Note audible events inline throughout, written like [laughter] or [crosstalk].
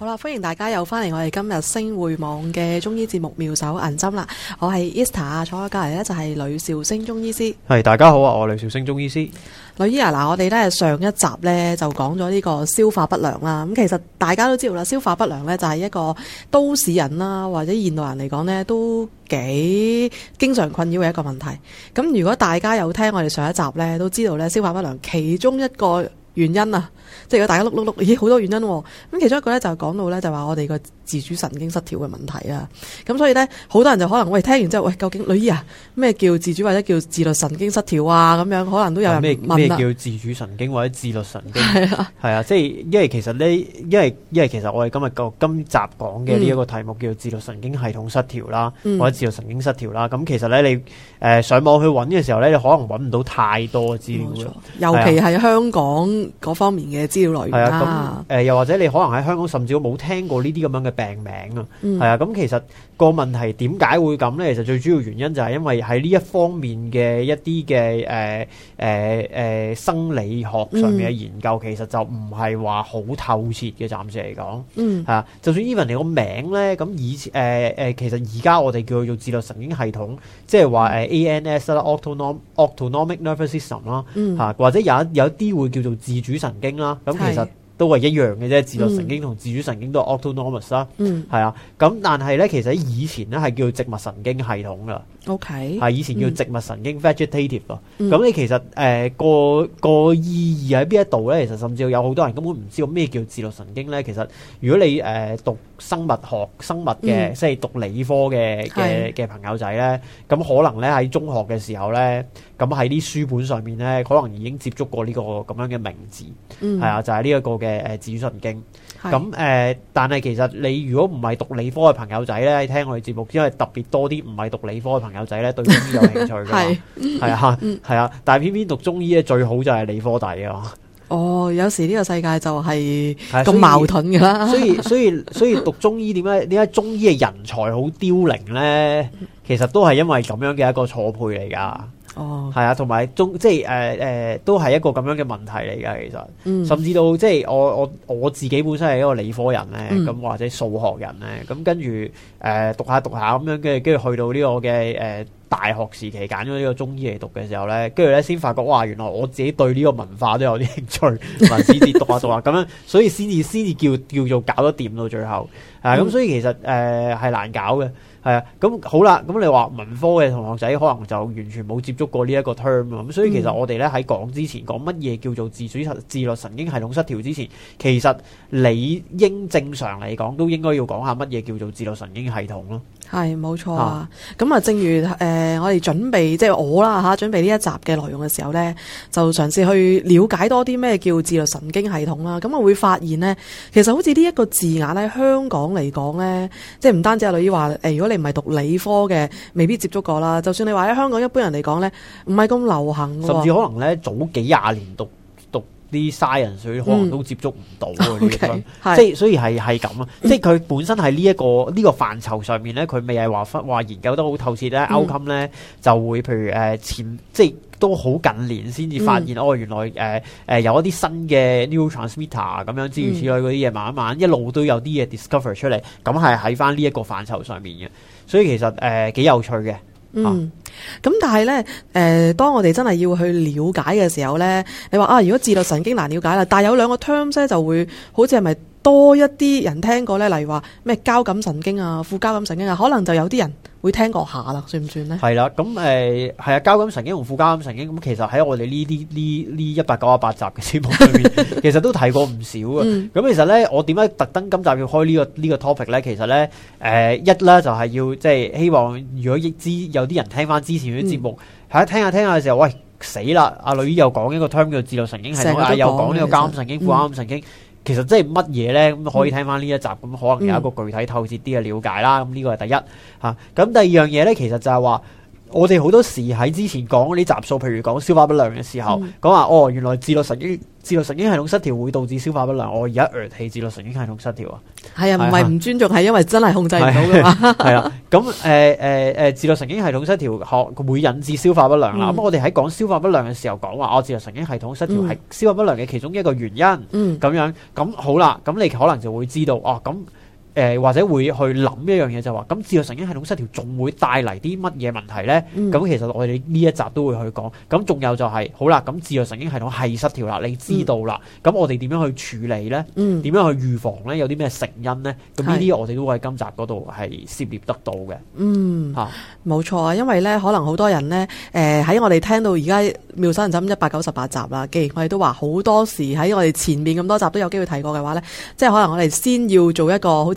好啦，歡迎大家又翻嚟，我哋今日星匯網嘅中醫節目《妙手銀針》啦。我係 Easter 啊，坐喺隔籬呢就係、是、呂兆星中醫師。係大家好啊，我呂兆星中醫師。呂醫啊，嗱，我哋呢上一集呢就講咗呢個消化不良啦。咁其實大家都知道啦，消化不良呢就係、是、一個都市人啦，或者現代人嚟講呢都幾經常困擾嘅一個問題。咁如果大家有聽我哋上一集呢，都知道呢消化不良其中一個。原因啊，即係如果大家碌碌碌，咦好多原因喎、啊，咁其中一個咧就講到咧就話我哋個，自主神經失調嘅問題啊，咁所以咧，好多人就可能我哋聽完之後，喂，究竟女醫啊，咩、呃、叫自主或者叫自律神經失調啊？咁樣可能都有咩咩叫自主神經或者自律神經？係啊，即係、啊就是、因為其實呢，因為因為其實我哋今日個今集講嘅呢一個題目、嗯、叫自律神經系統失調啦，嗯、或者自律神經失調啦，咁其實咧你誒上網去揾嘅時候咧，你可能揾唔到太多資料，尤其係香港嗰方面嘅資料來源啦。係啊，咁又、啊嗯、或者你可能喺香港甚至都冇聽過呢啲咁樣嘅。病名啊，係啊、嗯，咁其實個問題點解會咁咧？其實最主要原因就係因為喺呢一方面嘅一啲嘅誒誒誒生理學上面嘅研究，其實就唔係話好透徹嘅，暫時嚟講，吓、嗯啊，就算 even 你個名咧，咁以前誒誒、呃，其實而家我哋叫佢做自律神經系統，即、就、係、是、話誒、呃、ANS 啦，autonomic autonomic nervous system 啦、啊，吓、嗯，或者有一有啲會叫做自主神經啦，咁、啊、其實。都係一樣嘅啫，自律神經同自主神經都係 autonomous 啦、嗯，係啊，咁但係咧，其實以前咧係叫植物神經系統噶。O K，啊，okay, um，以前叫植物神經 vegetative 咯，咁你、嗯、其實誒、呃、個個意義喺邊一度咧？其實甚至有好多人根本唔知道咩叫自律神經咧。其實如果你誒、呃、讀生物學、生物嘅，即係讀理科嘅嘅嘅朋友仔咧，咁可能咧喺中學嘅時候咧，咁喺啲書本上面咧，可能已經接觸過呢個咁樣嘅名字，係啊、嗯，就係呢一個嘅誒自律神經。咁誒、嗯嗯呃，但係其實你如果唔係讀理科嘅朋友仔咧，聽我哋節目，因為特別多啲唔係讀理科嘅朋友朋友仔咧對中醫有興趣嘅，係 [laughs] [noise] 啊，係、嗯、啊，但係偏偏讀中醫咧最好就係理科底。 [laughs] 噶。哦， [laughs] 有時呢個世界就係咁矛盾噶啦。所以，所以，所以讀中醫點解？點解中醫嘅人才好凋零咧？其實都係因為咁樣嘅一個錯配嚟噶。哦，係啊，同埋中即係誒誒，都係一個咁樣嘅問題嚟噶，其實，嗯、甚至到即係我我我自己本身係一個理科人咧，咁、嗯、或者數學人咧，咁跟住誒、呃、讀下讀下咁樣，跟住跟住去到呢個嘅誒。呃大學時期揀咗呢個中醫嚟讀嘅時候咧，跟住咧先發覺，哇！原來我自己對呢個文化都有啲興趣，文史哲讀下讀下咁樣，所以先至先至叫叫做搞得掂到最後，嗯、啊！咁所以其實誒係、呃、難搞嘅，係啊！咁好啦，咁你話文科嘅同學仔可能就完全冇接觸過呢一個 term 咁、啊、所以其實我哋咧喺講之前講乜嘢叫做自主神自律神經系統失調之前，其實理應正常嚟講都應該要講下乜嘢叫做自律神經系統咯。係冇錯啊！咁啊，正如誒、呃，我哋準備即係我啦嚇，準備呢一集嘅內容嘅時候呢，就嘗試去了解多啲咩叫自律神經系統啦。咁啊，會發現呢，其實好似呢一個字眼呢，香港嚟講呢，即係唔單止阿女話誒，如果你唔係讀理科嘅，未必接觸過啦。就算你話喺香港一般人嚟講呢，唔係咁流行，甚至可能呢，早幾廿年讀啲 science 水，所以可能都接觸唔到嘅，你覺 Okay, 即係所以係係咁咯。即係佢本身喺呢一個呢、呢個範疇上面咧，佢未係話忽話研究得好透徹咧 outcome 咧就會譬如誒、呃、前即係都好近年先至發現、嗯、哦，原來誒誒、呃呃、有一啲新嘅 neurotransmitter 咁樣諸如此類嗰啲嘢，慢慢、嗯、一路都有啲嘢 discover 出嚟。咁係喺返呢一個範疇上面嘅，所以其實誒幾、呃、有趣嘅。啊、嗯。咁但係咧，誒、呃，當我哋真係要去了解嘅時候咧，你話啊，如果自律神經難了解啦，但係有兩個 terms 咧，就會好似係咪多一啲人聽過咧？例如話咩交感神經啊、副交感神經啊，可能就有啲人會聽過下啦，算唔算呢？係啦，咁誒，係、呃、啊，交感神經同副交感神經，咁其實喺我哋呢啲呢呢一百九十八集嘅節目裏面， [laughs] 其實都提過唔少啊。咁、嗯嗯、其實咧，我點解特登今集要開呢、這個呢、這個 topic 咧？其實咧，誒、呃，一咧就係要即係希望，如果亦知有啲人聽翻。之前啲節目喺、嗯、聽下聽下嘅時候，喂死啦！阿女又講一個 term 叫做自律神經系統，又講呢個交感神經、副交感神經，其實真係乜嘢咧？咁可以睇返呢一集，咁、嗯、可能有一個具體透徹啲嘅了解啦。咁呢個係第一嚇。咁、啊、第二樣嘢咧，其實就係話。我哋好多時喺之前講嗰啲集數，譬如講消化不良嘅時候，講話哦，原來自律神經自律神經系統失調會導致消化不良。我而家惹起自律神經系統失調啊，係啊，唔係唔尊重，係因為真係控制唔到㗎嘛。係啊，咁誒誒誒，自律神經系統失調會引致消化不良啦。咁、嗯、我哋喺講消化不良嘅時候講話，哦，自律神經系統失調係消化不良嘅其中一個原因。嗯樣，咁樣咁好啦，咁你可能就會知道哦咁。誒、呃、或者會去諗一樣嘢就係、是、話，咁自律神經系統失調仲會帶嚟啲乜嘢問題呢？咁、嗯、其實我哋呢一集都會去講。咁仲有就係、是，好啦，咁自律神經系統係失調啦，你知道啦。咁、嗯、我哋點樣去處理呢？點、嗯、樣去預防呢？有啲咩成因呢？咁呢啲我哋都會喺今集嗰度係涉獵得到嘅。嗯，嚇，冇錯啊，因為呢可能好多人呢，誒、呃、喺我哋聽到而家妙手銀針一百九十八集啦，既然我哋都話好多時喺我哋前面咁多集都有機會提過嘅話呢，即係可能我哋先要做一個好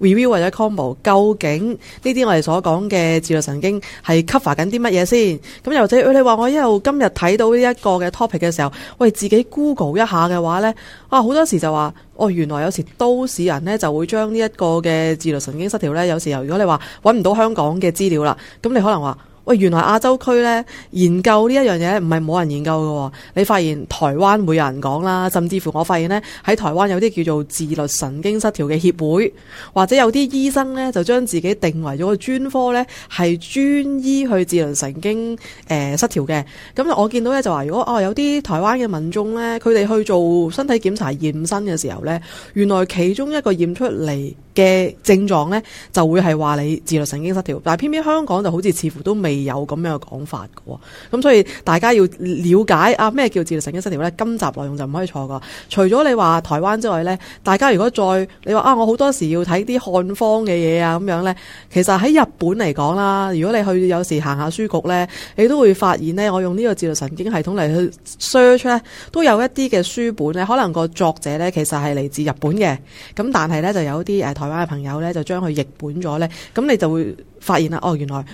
review 或者 combo，究竟呢啲我哋所講嘅自律神經係 cover 緊啲乜嘢先？咁又者，你話我一路今日睇到呢一個嘅 topic 嘅時候，喂，自己 Google 一下嘅話呢，啊，好多時就話，哦，原來有時都市人呢就會將呢一個嘅自律神經失調呢。有時候如果你話揾唔到香港嘅資料啦，咁你可能話。喂，原來亞洲區呢研究呢一樣嘢，唔係冇人研究嘅。你發現台灣會有人講啦，甚至乎我發現呢喺台灣有啲叫做自律神經失調嘅協會，或者有啲醫生呢就將自己定為咗個專科，呢係專醫去自律神經誒、呃、失調嘅。咁、嗯、我見到呢就話，如果哦有啲台灣嘅民眾呢，佢哋去做身體檢查驗身嘅時候呢，原來其中一個驗出嚟。嘅症狀呢就會係話你自律神經失調，但係偏偏香港就好似似乎都未有咁樣嘅講法嘅喎，咁所以大家要了解啊咩叫自律神經失調呢？今集內容就唔可以錯噶。除咗你話台灣之外呢，大家如果再你話啊，我好多時要睇啲漢方嘅嘢啊咁樣呢。其實喺日本嚟講啦，如果你去有時行下書局呢，你都會發現呢，我用呢個自律神經系統嚟去 search 呢，都有一啲嘅書本呢，可能個作者呢，其實係嚟自日本嘅，咁但係呢，就有啲誒。啊台灣嘅朋友呢，就將佢譯本咗呢，咁你就會發現啦。哦，原來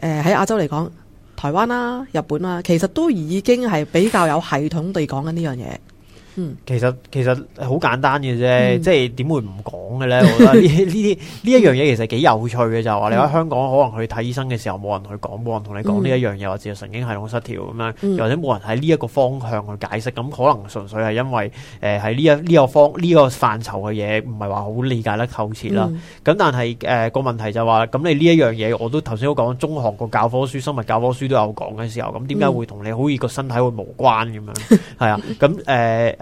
呃、喺亞洲嚟講，台灣啦、啊、日本啦、啊，其實都已經係比較有系統地講緊呢樣嘢。其實其實好簡單嘅啫，嗯、即係點會唔講嘅咧？我覺得呢呢啲呢一樣嘢，其實幾有趣嘅，就話、係、你喺香港可能去睇醫生嘅時候，冇人去講，冇人同你講呢一樣嘢，嗯、或者神經系統失調咁樣，嗯、或者冇人喺呢一個方向去解釋，咁可能純粹係因為誒喺呢一呢個方呢、呢個範疇嘅嘢，唔係話好理解得透徹啦。咁、嗯、但係誒、呃、個問題就話咁你呢一樣嘢，我都頭先都講中學個教科書、生物教科書都有講嘅時候，咁點解會同你好似個身體會無關咁樣？係啊，咁、嗯、誒。嗯嗯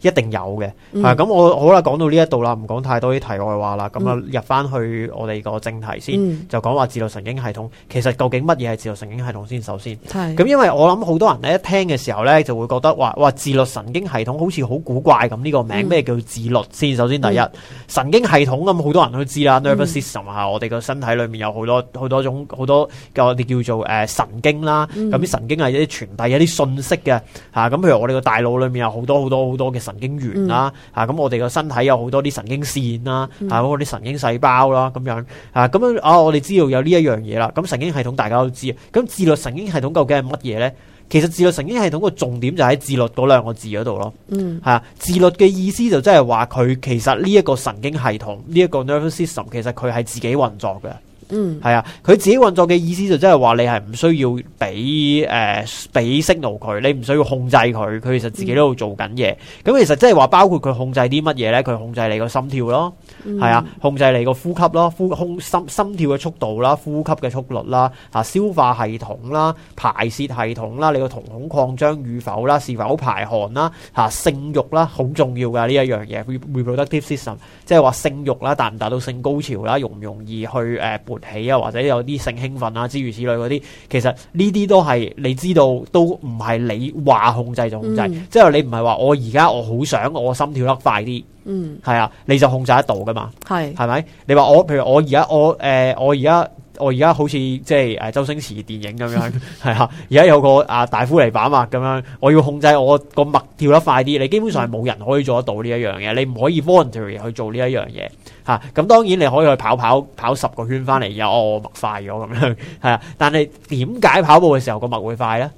一定有嘅，係咁、嗯啊、我好啦，講到呢一度啦，唔講太多啲題外話啦，咁啊入翻去我哋個正題先，就講話自律神經系統其實究竟乜嘢係自律神經系統先？首先咁，嗯、因為我諗好多人咧，一聽嘅時候咧就會覺得話哇自律神經系統好似好古怪咁呢、呢個名咩叫、嗯、自律先？首先第一、嗯、神經系統咁好多人都知啦、啊、nervous system 係、嗯啊、我哋個身體裏面有好多好多種好多我哋叫，叫做誒神經啦，咁、啊、啲神經係一啲傳遞一啲信息嘅嚇，咁、啊、譬如我哋個大腦裏面有好多好多好多嘅、啊。啊啊啊啊啊神經元啦，吓咁、嗯啊、我哋個身體有好多啲神經線啦，吓嗰啲神經細胞啦，咁樣吓咁樣，啊，啊，啊我哋知道有呢一樣嘢啦，咁神經系統大家都知，咁自律神經系統究竟係乜嘢咧？其實自律神經系統個重點就喺自律嗰兩個字嗰度咯，嗯，吓自律嘅意思就真係話佢其實呢一個神經系統呢一、呢個 nervous system 其實佢係自己運作嘅。嗯，係啊，佢自己運作嘅意思就即係話你係唔需要俾誒俾 signal 佢，你唔需要控制佢，佢其實自己喺度做緊嘢。咁其實即係話包括佢控制啲乜嘢咧？佢控制你個心跳咯，係啊，控制你個呼吸咯，呼空心心跳嘅速度啦，呼吸嘅速率啦，吓消化系統啦，排泄系統啦，你個瞳孔擴張與否啦，是否排汗啦，吓性慾啦，好重要㗎呢一樣嘢。reproductive system 即係話性慾啦，達唔達到性高潮啦，容唔容易去誒？起啊，或者有啲性興奮啊，諸如此類嗰啲，其實呢啲都係你知道，都唔係你話控制就控制，即係、嗯、你唔係話我而家我好想我心跳得快啲，嗯，係啊，你就控制得到噶嘛，係係咪？你話我，譬如我而家我誒，我而家、呃、我而家好似即係誒、呃、周星馳電影咁樣，係 [laughs] 啊，而家有個啊大夫嚟把脈咁樣，我要控制我個脈跳得快啲，你基本上係冇人可以做得到呢一樣嘢，你唔可以 voluntary 去做呢一樣嘢。吓，咁、啊、當然你可以去跑跑跑十個圈翻嚟，又、哦、脈快咗咁樣，係啊。但係點解跑步嘅時候個脈會快咧？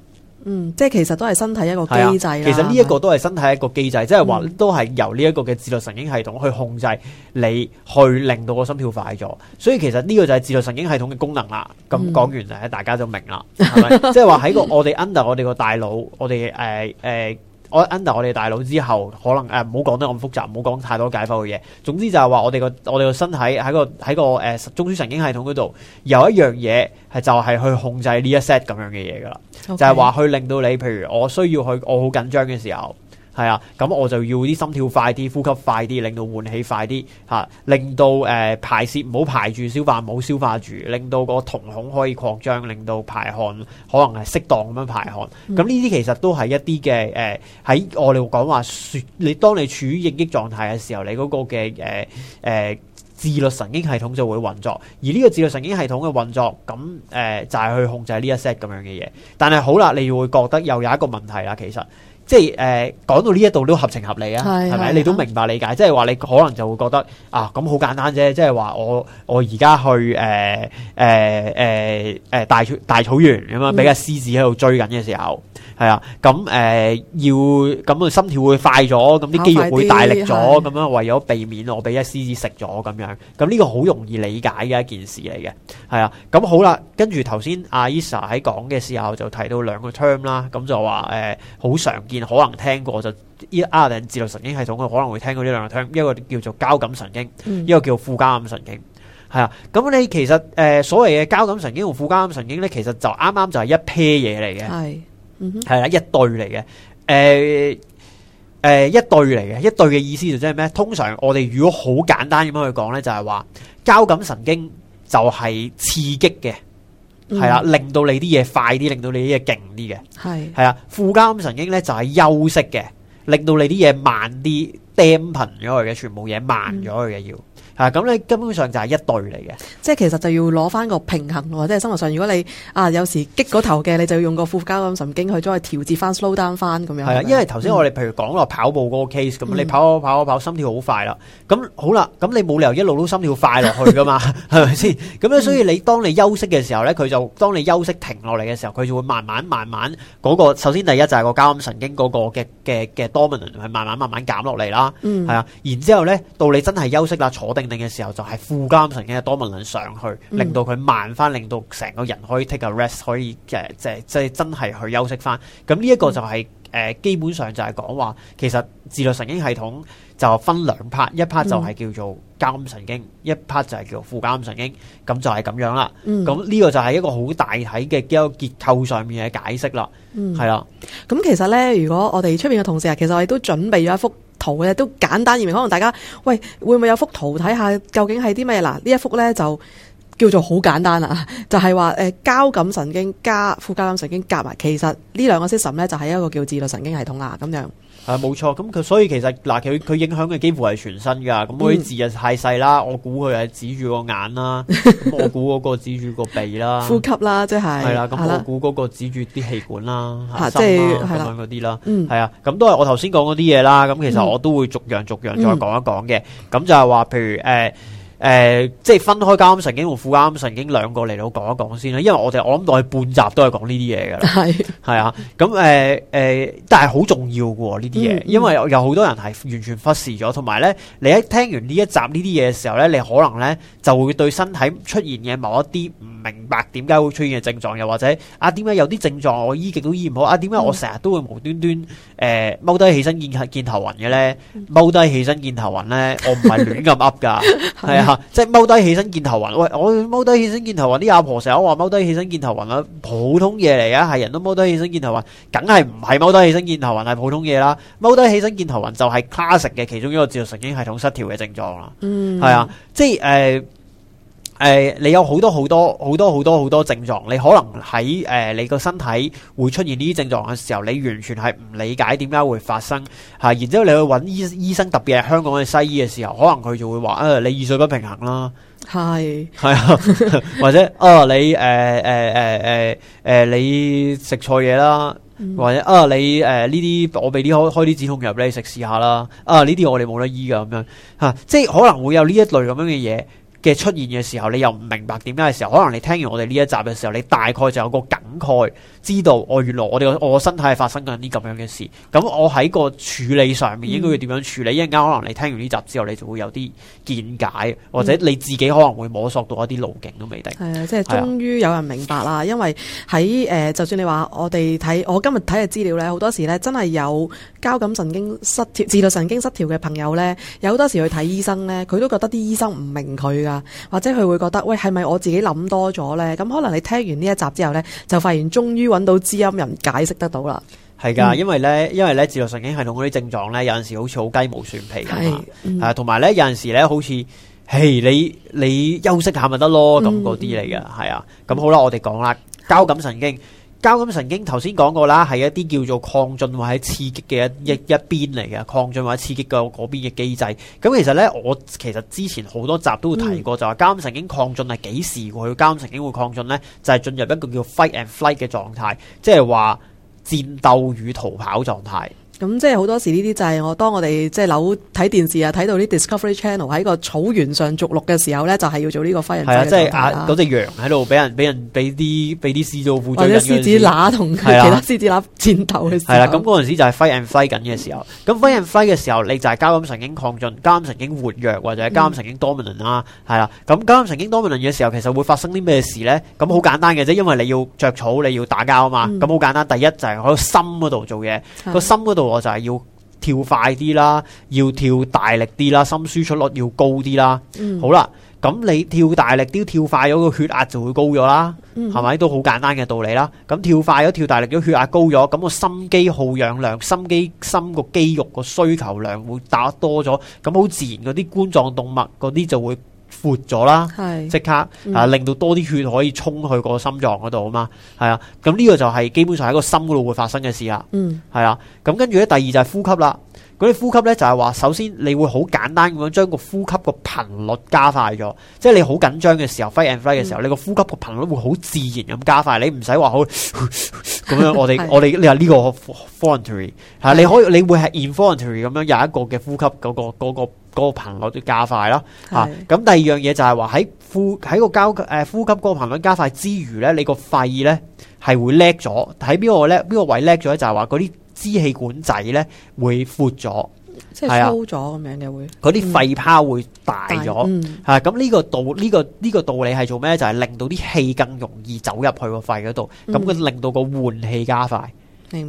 嗯，即係其實都係身體一個機制，其實呢一個都係身體一個機制，的即係話都係由呢一個嘅自律神經系統去控制你去令到個心跳快咗。所以其實呢個就係自律神經系統嘅功能啦。咁講完大家就明啦，係咪、嗯？即係話喺個我哋 under 我哋個大腦，我哋誒誒。呃呃呃我 under 我哋大腦之後可能誒，唔好講得咁複雜，唔好講太多解剖嘅嘢。總之就係話我哋個我哋個身體喺個喺個誒、呃、中樞神經系統嗰度有一樣嘢，係就係去控制呢一 set 咁樣嘅嘢㗎喇，Okay. 就係話去令到你，譬如我需要去我好緊張嘅時候。係啊，咁我就要啲心跳快啲，呼吸快啲，令到換氣快啲吓、啊，令到誒、呃、排泄唔好排住消化，唔好消化住，令到個瞳孔可以擴張，令到排汗可能係適當咁樣排汗。咁呢啲其實都係一啲嘅誒，喺、呃、我哋講話說，你當你處於應激狀態嘅時候，你嗰個嘅誒誒自律神經系統就會運作，而呢個自律神經系統嘅運作，咁誒、呃、就係、是、去控制呢一 set 咁樣嘅嘢。但係好啦，你會覺得又有一個問題啦，其實。即係誒、呃、講到呢一度都合情合理啊，係咪？ [noise] 吧你都明白理解，即係話你可能就會覺得啊，咁好簡單啫！即係話我我而家去誒誒誒誒大大草原咁樣俾個獅子喺度追緊嘅時候。係啊，咁、嗯、誒要咁個心跳會快咗，咁啲肌肉會大力咗，咁樣為咗避免我俾一獅子食咗咁樣，咁呢個好容易理解嘅一件事嚟嘅，係啊，咁好啦，跟住頭先阿 Isa 喺講嘅時候就提到兩個 term 啦、嗯，咁就話誒好常見，可能聽過就依啱啱自律神經系統，佢可能會聽過呢兩個 term，一個叫做交感神經，一個叫副交感神經，係啊，咁你其實誒所謂嘅交感神經同副交感神經咧，其實就啱啱就係一 pair 嘢嚟嘅。係啦，一對嚟嘅，誒誒一對嚟嘅，一對嘅意思就即係咩？通常我哋如果好簡單咁樣去講咧，就係話交感神經就係刺激嘅，係啦、嗯，令到你啲嘢快啲，令到你啲嘢勁啲嘅，係，係啊，副交感神經咧就係、是、休息嘅，令到你啲嘢慢啲 dampen 咗佢嘅，全部嘢慢咗佢嘅要。嗯要啊，咁咧根本上就係一對嚟嘅，即係其實就要攞翻個平衡，即係生活上如果你啊有時激嗰頭嘅，你就要用個副交感神經去再調節翻 slow down 翻咁樣。係啊，因為頭先我哋譬、嗯、如講落跑步嗰個 case，咁你跑跑跑跑，心跳好快啦，咁好啦，咁你冇理由一路都心跳快落去噶嘛，係咪先？咁咧，所以你當你休息嘅時候咧，佢就當你休息停落嚟嘅時候，佢就會慢慢慢慢嗰、嗰個，首先第一就係個交感神經嗰個嘅嘅嘅 dominant 係慢慢慢慢減落嚟啦，係啊、嗯，然之後咧到你真係休息啦，坐定。嘅時候就係副交感神經多巴胺上去，令到佢慢翻，令到成個人可以 take a rest，可以誒、呃、即係即係真係去休息翻。咁呢一個就係、是、誒、呃、基本上就係講話，其實自律神經系統就分兩 part，一 part 就係叫做交感神經，一 part 就係叫副交感神經，咁就係咁樣啦。咁呢、嗯、個就係一個好大體嘅一個結構上面嘅解釋啦。係咯，咁、嗯、其實咧，如果我哋出面嘅同事啊，其實我哋都準備咗一幅。圖咧都簡單而明，而可能大家，喂，會唔會有幅圖睇下究竟係啲咩？嗱，呢一幅咧就叫做好簡單啦、啊，就係話誒交感神經加副交感神經夾埋，其實呢兩個 system 咧就係、是、一個叫自律神經系統啦，咁樣。啊，冇錯，咁佢所以其實嗱，佢佢影響嘅幾乎係全身㗎，咁嗰啲字又太細啦，我估佢係指住個眼啦，我估嗰個指住個鼻啦， [laughs] 呼吸啦，即係係啦，咁、啊、我估嗰個指住啲氣管啦，嚇，即係咁樣嗰啲啦，嗯，係啊，咁都係我頭先講嗰啲嘢啦，咁其實我都會逐樣逐樣再講一講嘅，咁、嗯嗯、就係話，譬如誒。呃誒、呃，即係分開交感神經同副交感神經兩個嚟到講一講先啦。因為我哋我諗到去半集都係講呢啲嘢㗎啦。係係 [laughs] 啊，咁誒誒，但係好重要㗎喎呢啲嘢，因為有好多人係完全忽視咗。同埋咧，你一聽完呢一集呢啲嘢嘅時候咧，你可能咧就會對身體出現嘅某一啲唔明白點解會出現嘅症狀，又或者啊點解有啲症狀我醫極都醫唔好？啊點解我成日都會無端端誒踎低起身見見頭暈嘅咧？踎低起身見頭暈咧，我唔係亂咁 up 㗎， [laughs] 啊。即係踎低起身見頭暈，喂，我踎低起身見頭暈，啲阿婆成日話踎低起身見頭暈啦，普通嘢嚟噶，係人都踎低起身見頭暈，梗係唔係踎低起身見頭暈，係普通嘢啦。踎低起身見頭暈就係 classic 嘅其中一個自律神經系統失調嘅症狀啦，係、嗯、啊，即係誒。呃誒、呃，你有好多好多好多好多好多症狀，你可能喺誒、呃、你個身體會出現呢啲症狀嘅時候，你完全係唔理解點解會發生吓，rat, 然之後你去揾醫醫生特別，特別係香港嘅西醫嘅時候，可能佢就會話啊，你耳水不平衡啦，係係啊，或者啊、哦、你誒誒誒誒誒你食錯嘢啦，或者啊、呃、你誒呢啲我俾啲開開啲止痛藥俾你食試下啦，啊呢啲我哋冇得醫噶，咁樣吓，即係可能會有呢一類咁樣嘅嘢。嘅出現嘅時候，你又唔明白點解嘅時候，可能你聽完我哋呢一集嘅時候，你大概就有個感慨。知道哦，原來我哋個我個身體係發生緊啲咁樣嘅事，咁我喺個處理上面應該要點樣處理？一陣間可能你聽完呢集之後，你就會有啲見解，或者你自己可能會摸索到一啲路徑都未定。係啊，嗯，即係終於有人明白啦。是的 因為喺誒就算你話我哋睇我今日睇嘅資料咧，好多時咧真係有交感神經失調、自律神經失調嘅朋友咧，有好多時去睇醫生咧，佢都覺得啲醫生唔明佢噶，或者佢會覺得喂，係咪我自己諗多咗咧？咁可能你聽完呢一集之後咧，就發現終，終於。揾到知音人解釋得到啦，係噶，因為呢，因為呢，自律神經系統嗰啲症狀呢，有陣時好似好雞毛蒜皮咁，係啊，同、嗯、埋呢，有陣時呢，好似，嘿，你你休息下咪得咯，咁嗰啲嚟嘅，係啊，咁、嗯、好啦，嗯、我哋講啦，交感神經。交感神經頭先講過啦，係一啲叫做亢進或者刺激嘅一一一邊嚟嘅，亢進或者刺激嘅嗰邊嘅機制。咁其實呢，我其實之前好多集都會提過，就係交感神經亢進，係幾時佢交感神經會亢進呢？就係、是、進入一個叫 fight and flight 嘅狀態，即係話戰鬥與逃跑狀態。咁、嗯、即係好多時呢啲就係我當我哋即係扭睇電視啊，睇到啲 Discovery Channel 喺個草原上逐鹿嘅時候咧，就係、是、要做呢個 fighting 即係嗰隻羊喺度俾人俾人俾啲俾啲獅子做負罪印獅子乸同其他獅子乸戰鬥嘅時候。係啦， [laughs] 咁嗰陣時就係 fighting fight 緊嘅時候。咁 fighting fight 嘅時候，你就係交感神經亢進，交感神經活躍，或者係交感神經 dominant 啦。係啦，咁交感神經 dominant 嘅時候，其實會發生啲咩事咧？咁好簡單嘅啫，因為你要着草，你要打交啊嘛。咁好簡單，第一就係喺個心嗰度做嘢，個、嗯、心嗰度。對我就係要跳快啲啦，要跳大力啲啦，心輸出率要高啲啦。嗯、好啦，咁你跳大力啲，跳快咗個血壓就會高咗啦，係咪、嗯？都好簡單嘅道理啦。咁跳快咗，跳大力咗，血壓高咗，咁、個心肌耗氧量、心肌心個肌肉個需求量會打多咗，咁好自然嗰啲冠狀動脈嗰啲就會。闊咗啦，即刻啊，令到多啲血可以衝去個心臟嗰度啊嘛，係啊，咁呢個就係基本上喺個心嗰度會發生嘅事啦，係啊，咁跟住咧，第二就係呼吸啦，嗰啲呼吸咧就係話，首先你會好簡單咁樣將個呼吸個頻率加快咗，即係你好緊張嘅時候，fight and flight 嘅時候，你個呼吸個頻率會好自然咁加快，你唔使話好咁樣，我哋我哋你話呢個 voluntary 吓，你可以你會係 involuntary 咁樣有一個嘅呼吸個個。個頻率都加快啦，吓、啊、咁第二樣嘢就係話喺呼喺個交誒呼吸個頻率加快之餘咧，你個肺咧係會叻咗。喺邊個叻？邊個位叻咗咧？就係話嗰啲支氣管仔咧會闊咗，即係粗咗咁、啊、樣你會。嗰啲肺泡會大咗，吓咁呢個道呢、這個呢、這個道理係做咩？就係、是、令到啲氣更容易走入去個肺嗰度，咁佢令到個換氣加快。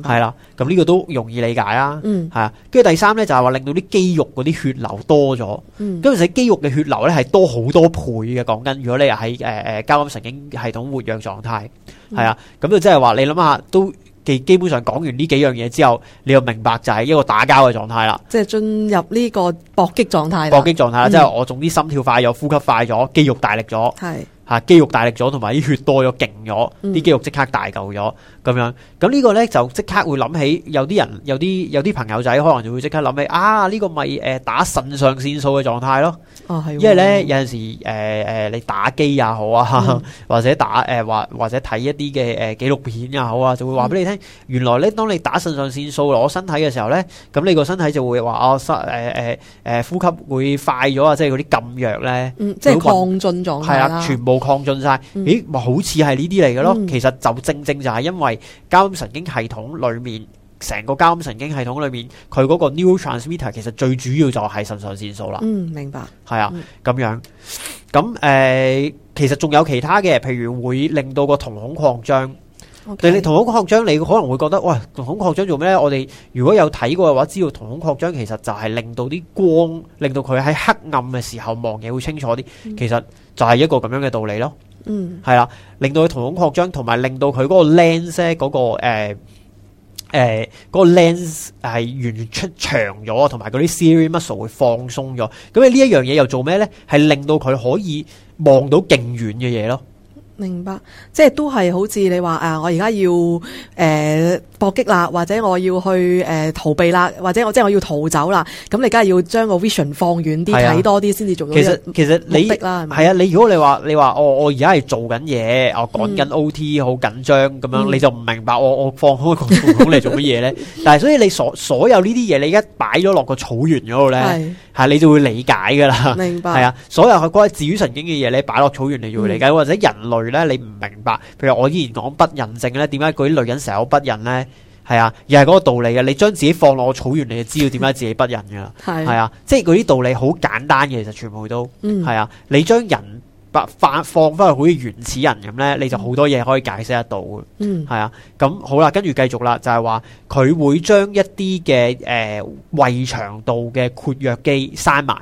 係啦，咁呢個都容易理解啦，係啊。跟住、嗯、第三咧就係、是、話令到啲肌肉嗰啲血流多咗，跟住、嗯、其實肌肉嘅血流咧係多好多倍嘅。講緊如果你係喺誒誒交感神經系統活躍狀態，係啊、嗯，咁就即係話你諗下都基基本上講完呢幾樣嘢之後，你就明白就係一個打交嘅狀態啦。即係進入呢個搏擊狀態，搏擊狀態、嗯、即係我總之心跳快又呼吸快咗，肌肉大力咗，係、嗯。啊、肌肉大力咗，同埋啲血多咗，勁咗，啲肌肉即刻大舊咗咁樣。咁、嗯、呢個咧就即刻會諗起有啲人，有啲有啲朋友仔，可能就會即刻諗起啊呢、呢個咪、就、誒、是呃、打腎上腺素嘅狀態咯。啊啊、因為咧有陣時誒誒、呃、你打機也好啊、嗯呃，或者打誒或或者睇一啲嘅誒紀錄片也好啊，就會話俾你聽，嗯、原來咧當你打腎上腺素攞身體嘅時候咧，咁你個身體就會話啊失誒誒呼吸會快咗啊，即係嗰啲禁藥咧、嗯嗯嗯呃，即係亢進狀態啦，全部。 擴進晒，咦？咪好似係呢啲嚟嘅咯。嗯、其實就正正就係因為交感神經系統裏面成個交感神經系統裏面佢嗰個 neurotransmitter 其實最主要就係腎上腺素啦。嗯，明白。係啊，咁、嗯、樣。咁誒、呃，其實仲有其他嘅，譬如會令到個瞳孔擴張。對 Okay. 你瞳孔擴張，你可能會覺得，哇，瞳孔擴張做咩咧？我哋如果有睇過嘅話，知道瞳孔擴張其實就係令到啲光，令到佢喺黑暗嘅時候望嘢會清楚啲。嗯、其實就係一個咁樣嘅道理咯。嗯，係啦，令到佢瞳孔擴張，同埋令到佢嗰個 lens 嗰、嗰個誒誒嗰個 lens 係完全出長咗，同埋嗰啲 ciliary muscle 會放鬆咗。咁你呢一樣嘢又做咩咧？係令到佢可以望到勁遠嘅嘢咯。明白，即係都係好似你話啊，我而家要誒搏擊啦，或者我要去誒逃避啦，或者我即係我要逃走啦。咁你梗係要將個 vision 放遠啲，睇多啲先至做到。其實其實你係啊，你如果你話你話我我而家係做緊嘢，我趕緊 O T，好緊張咁樣，你就唔明白我我放空個系統嚟，做乜嘢咧？但係所以你所所有呢啲嘢，你而家擺咗落個草原嗰度咧，係你就會理解噶啦。明白係啊，所有佢關於自律神經嘅嘢，你擺落草原你就會理解，或者人類。咧你唔明白，譬如我依然講不孕症咧，點解嗰啲女人成日好不孕咧？係啊，又係嗰個道理嘅。你將自己放落草原，你就知道點解自己不孕噶啦。係 [laughs] 係啊，即係嗰啲道理好簡單嘅，其實全部都係、嗯、啊。你將人把放放翻去好似原始人咁咧，你就好多嘢可以解釋得到嘅。嗯，係啊。咁好啦、啊，跟住繼續啦，就係話佢會將一啲嘅誒胃腸道嘅括約肌閂埋。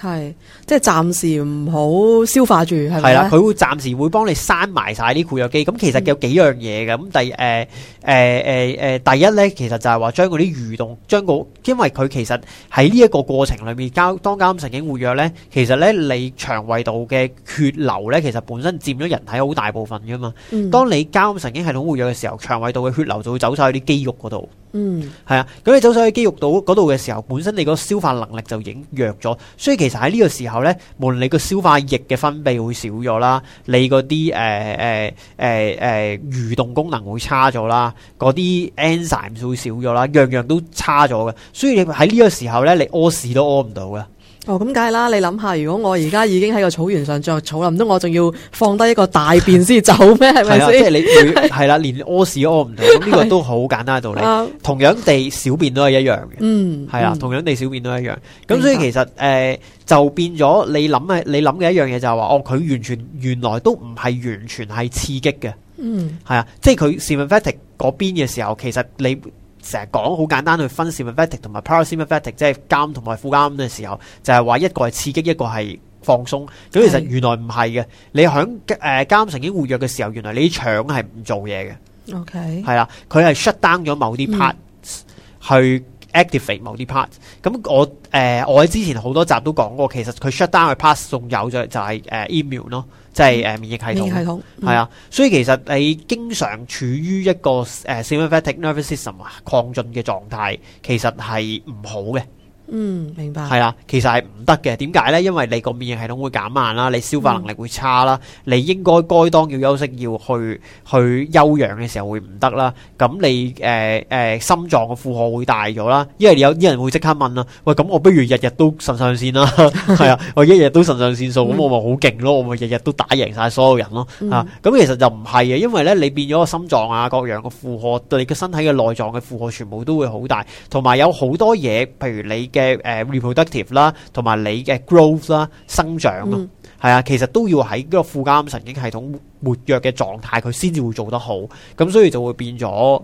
係，即係暫時唔好消化住，係咪？係啦，佢會暫時會幫你閂埋晒啲括約肌。咁、嗯、其實有幾樣嘢嘅。咁第誒誒誒誒，第一咧，其實就係話將嗰啲蠕動，將個因為佢其實喺呢一個過程裏面，交當交感神經系統活躍咧，其實咧你腸胃道嘅血流咧，其實本身佔咗人體好大部分噶嘛。當你交感神經系統系統活躍嘅時候，腸胃道嘅血流就會走晒去啲肌肉嗰度。嗯，係啊，咁你走上去肌肉島嗰度嘅時候，本身你個消化能力就已經弱咗，所以其實喺呢個時候咧，無論你個消化液嘅分泌會少咗啦，你嗰啲誒誒誒誒蠕動功能會差咗啦，嗰啲 enzyme 會少咗啦，樣樣都差咗嘅，所以你喺呢個時候咧，你屙屎都屙唔到嘅。哦，咁梗係啦！你諗下，如果我而家已經喺個草原上着草林，唔通我仲要放低一個大便先走咩？係咪先？係啊，即係你係啦， [laughs] 連屙屎屙唔到，呢個 [laughs] 吧都好簡單嘅道理。同樣地，小便都係一樣嘅。嗯，係啊，同樣地，小便都一樣。咁所以其實誒、呃，就變咗你諗嘅，你諗嘅一樣嘢就係、是、話，哦，佢完全原來都唔係完全係刺激嘅。嗯，係啊，即係佢 sympathetic 嗰邊嘅時候，其實你。成日講好簡單去分 sympathetic 同埋 parasympathetic 即係監同埋副監嘅時候，就係、是、話一個係刺激，一個係放鬆。咁其實原來唔係嘅，你響誒監神經活躍嘅時候，原來你腸係唔做嘢嘅。OK，係啦，佢係 shutdown 咗某啲 parts、嗯、去 activate 某啲 parts。咁我誒、呃、我喺之前好多集都講過，其實佢 shutdown 嘅 parts 仲有咗就係誒 immune 咯。即係誒，免疫系統免疫系統係啊，的嗯、所以其實你經常處於一個誒、uh, sympathetic nervous system 啊亢進嘅狀態，其實係唔好嘅。嗯，明白。係啦，其實係唔得嘅。點解咧？因為你個免疫系統會減慢啦，你消化能力會差啦，嗯、你應該該當要休息，要去去休養嘅時候會唔得啦。咁你誒誒、呃呃、心臟嘅負荷會大咗啦。因為有啲人會即刻問啦，喂，咁我不如日日都腎上腺啦，係啊， [laughs] [laughs] 我一日都腎上腺素，咁我咪好勁咯，我咪日日都打贏晒所有人咯。吓、嗯、咁、啊、其實就唔係嘅，因為咧你變咗個心臟啊，各樣個負荷，對你嘅身體嘅內臟嘅負荷，全部都會好大。同埋有好多嘢，譬如你。嘅誒 reproductive 啦，同埋你嘅 growth 啦，生長啊，係啊、嗯，其實都要喺呢個副交感神經系統活躍嘅狀態，佢先至會做得好，咁所以就會變咗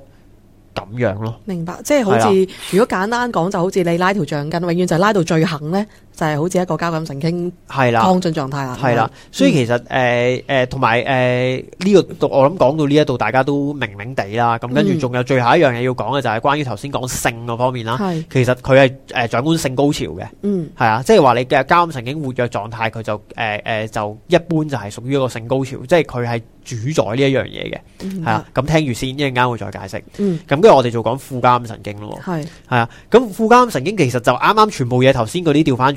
咁樣咯。明白，即係好似是的 如果簡單講，就好似你拉條橡筋，永遠就係拉到最肯咧。就係好似一個交感神經亢進狀態啦，係啦。所以其實誒誒同埋誒呢個我諗講到呢一度大家都明明地啦。咁跟住仲有最後一樣嘢要講嘅就係關於頭先講性嗰方面啦。其實佢係誒掌管性高潮嘅，嗯係啊，即係話你嘅交感神經活躍狀態，佢就誒誒就一般就係屬於一個性高潮，即係佢係主宰呢一樣嘢嘅，係啊。咁聽住先，一陣間會再解釋。嗯，咁跟住我哋就講副交感神經咯，係係啊。咁副交感神經其實就啱啱全部嘢頭先嗰啲調翻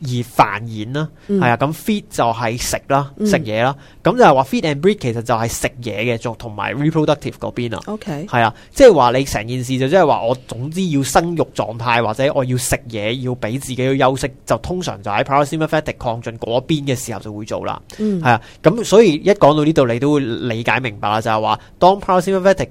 而繁衍啦，係、嗯、啊，咁 feed 就係食啦，嗯、食嘢啦，咁就係話 feed and breed 其實就係食嘢嘅，做同埋 reproductive 嗰邊 Okay. 啊。OK，係啊，即係話你成件事就即係話我總之要生育狀態或者我要食嘢，要俾自己要休息，就通常就喺 parasympathetic 亢進嗰邊嘅時候就會做啦。嗯，係啊，咁所以一講到呢度，你都會理解明白啦，就係、是、話當 parasympathetic。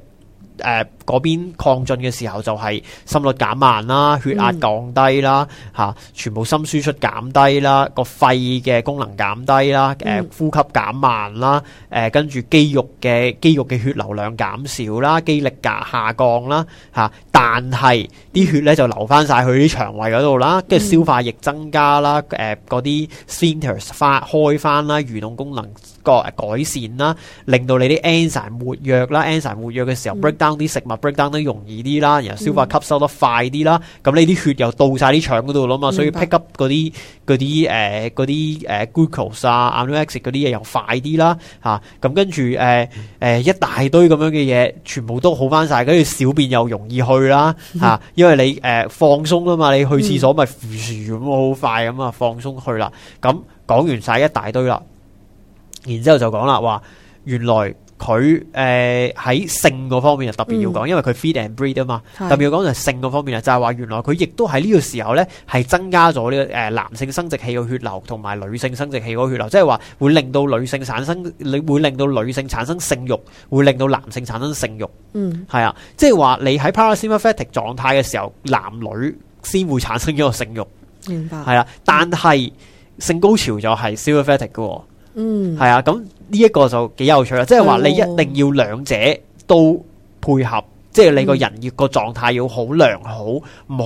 誒，嗰邊、呃、亢進嘅時候就係心率減慢啦，血壓降低啦，吓，嗯、全部心輸出減低啦，個肺嘅功能減低啦，誒，嗯、呼吸減慢啦，誒、呃，跟住肌肉嘅肌肉嘅血流量減少啦，肌力下下降啦，吓、啊，但係啲血咧就流翻晒去啲腸胃嗰度啦，跟住、嗯、消化液增加啦，誒、嗯嗯呃，嗰啲 centers 翻開翻啦，蠕動功能。個改善啦，令到你啲 enzyme 活躍啦 enzyme 活躍嘅時候、嗯、break down 啲食物，break down 得容易啲啦，然後消化吸收得快啲啦。咁你啲血又到晒啲腸嗰度啦嘛，所以 pick up 嗰啲嗰啲誒嗰啲誒 glucose 啊 amylase 嗰啲嘢又快啲啦吓。咁、啊、跟住誒誒一大堆咁樣嘅嘢，全部都好翻晒，跟住小便又容易去啦吓、啊，因為你誒、啊、放鬆啦嘛，你去廁所咪咁好快咁啊、嗯嗯、放鬆去啦。咁、啊、講完晒一大堆啦。然之後就講啦，話原來佢誒喺性嗰方面又特別要講，嗯、因為佢 feed and breed 啊嘛，是特別要講就係性嗰方面啊，就係、是、話原來佢亦都喺呢個時候咧，係增加咗呢、這個誒、呃、男性生殖器嘅血流同埋女性生殖器嘅血流，即係話會令到女性產生，會令到女性產生性慾，會令到男性產生性欲。嗯，係啊，即係話你喺 parasympathetic 狀態嘅時候，男女先會產生呢個性欲。明白。係啊、嗯、啊，但係性高潮就係 sympathetic 嘅喎。嗯，係啊，咁呢一個就幾有趣啦，即係話你一定要兩者都配合，即係你個人業個狀態要好良好，唔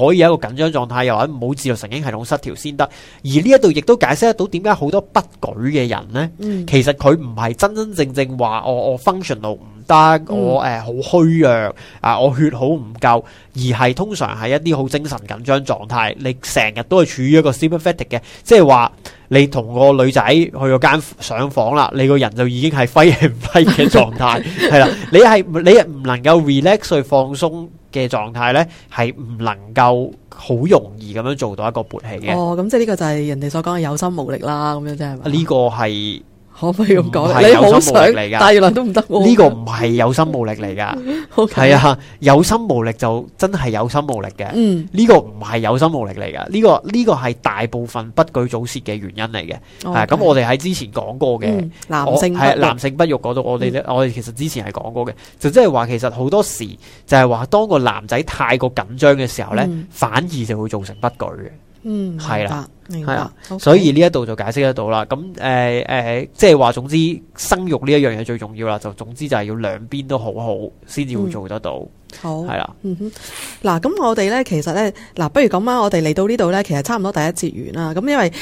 可以有一個緊張狀態，又或者唔好自律神經系統失調先得。而呢一度亦都解釋得到點解好多不舉嘅人咧，嗯，其實佢唔係真真正正話我我 functional。嗯、我誒，好、呃、虛弱啊！我血好唔夠，而係通常係一啲好精神緊張狀態，你成日都係處於一個 sympathetic 嘅，即係話你同個女仔去咗間上房啦，你個人就已經係 fight or flight 嘅狀態係啦。你係你唔能夠 relax 去放鬆嘅狀態咧，係唔能夠好容易咁樣做到一個勃起嘅。哦，咁即係呢個就係人哋所講嘅有心無力啦。咁樣即係呢個係。可唔可以咁講？你好想，戴玉林都唔得喎。呢個唔係有心無力嚟噶，係啊，有心無力就真係有心無力嘅。嗯，呢個唔係有心無力嚟噶，呢、這個呢、這個係大部分不舉早泄嘅原因嚟嘅。係咁 Okay.、啊，我哋喺之前講過嘅男性男性不育嗰度，我哋、啊、我哋、嗯、其實之前係講過嘅，就即係話其實好多時就係話當個男仔太過緊張嘅時候咧，嗯、反而就會造成不舉嘅。嗯，係啦，明白，所以呢一度就解釋得到啦。咁誒誒，即係話，呃就是，總之生育呢一樣嘢最重要啦。就總之就係要兩邊都好好，先至會做得到。嗯，好，係啦的。嗱，嗯，咁我哋咧，其實咧，嗱，不如咁啦，我哋嚟到呢度咧，其實差唔多第一節完啦。咁因為誒、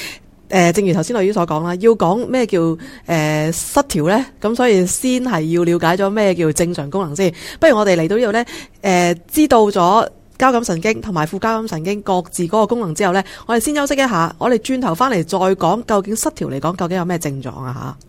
呃，正如頭先律師所講啦，要講咩叫誒、呃，失調咧，咁所以先係要了解咗咩叫正常功能先。不如我哋嚟到呢度咧，誒、呃，知道咗。交感神經同埋副交感神經各自嗰個功能之後呢，我哋先休息一下，我哋轉頭翻嚟，再講究竟失調嚟講究竟有咩症狀啊吓。